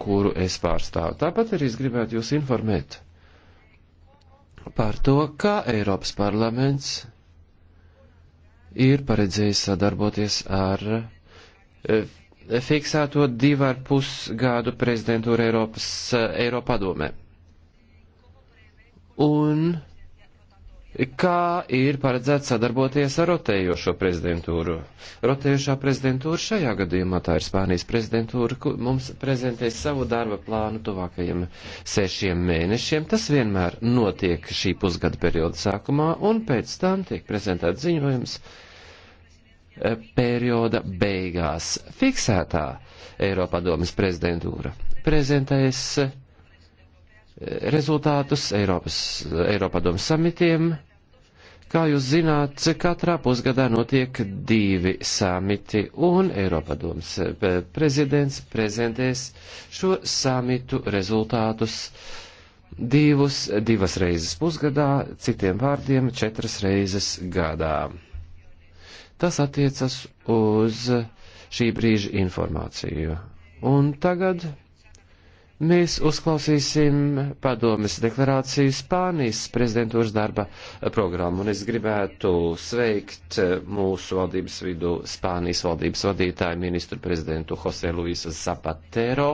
kuru es pārstāvu. Tāpat arī es gribētu jūs informēt par to, kā Eiropas parlaments ir paredzējis sadarboties ar eh, fiksēto divu ar pus gādu prezidentūru Eiropas eh, Eiropadomē. Un kā ir paredzēts sadarboties ar rotējošo prezidentūru. Rotējošā prezidentūra šajā gadījumā tā ir Spānijas prezidentūra, kur mums prezentēs savu darba plānu tuvākajiem sešiem mēnešiem. Tas vienmēr notiek šī pusgada perioda sākumā, un pēc tam tiek prezentēts ziņojums eh, perioda beigās. Fiksētā Eiropadomas prezidentūra prezentēs rezultātus Eiropas, Eiropadomu samitiem. Kā jūs zināt, katrā pusgadā notiek divi samiti, un Eiropadoms eh, prezidents prezentēs šo samitu rezultātus divus, divas reizes pusgadā, citiem vārdiem četras reizes gadā. Tas attiecas uz šī brīža informāciju. Un tagad Mēs uzklausīsim padomes deklarāciju Spānijas prezidentūras darba programmu, un es gribētu sveikt mūsu valdības vidu Spānijas valdības vadītāju ministru prezidentu Jose Luisa Zapatero.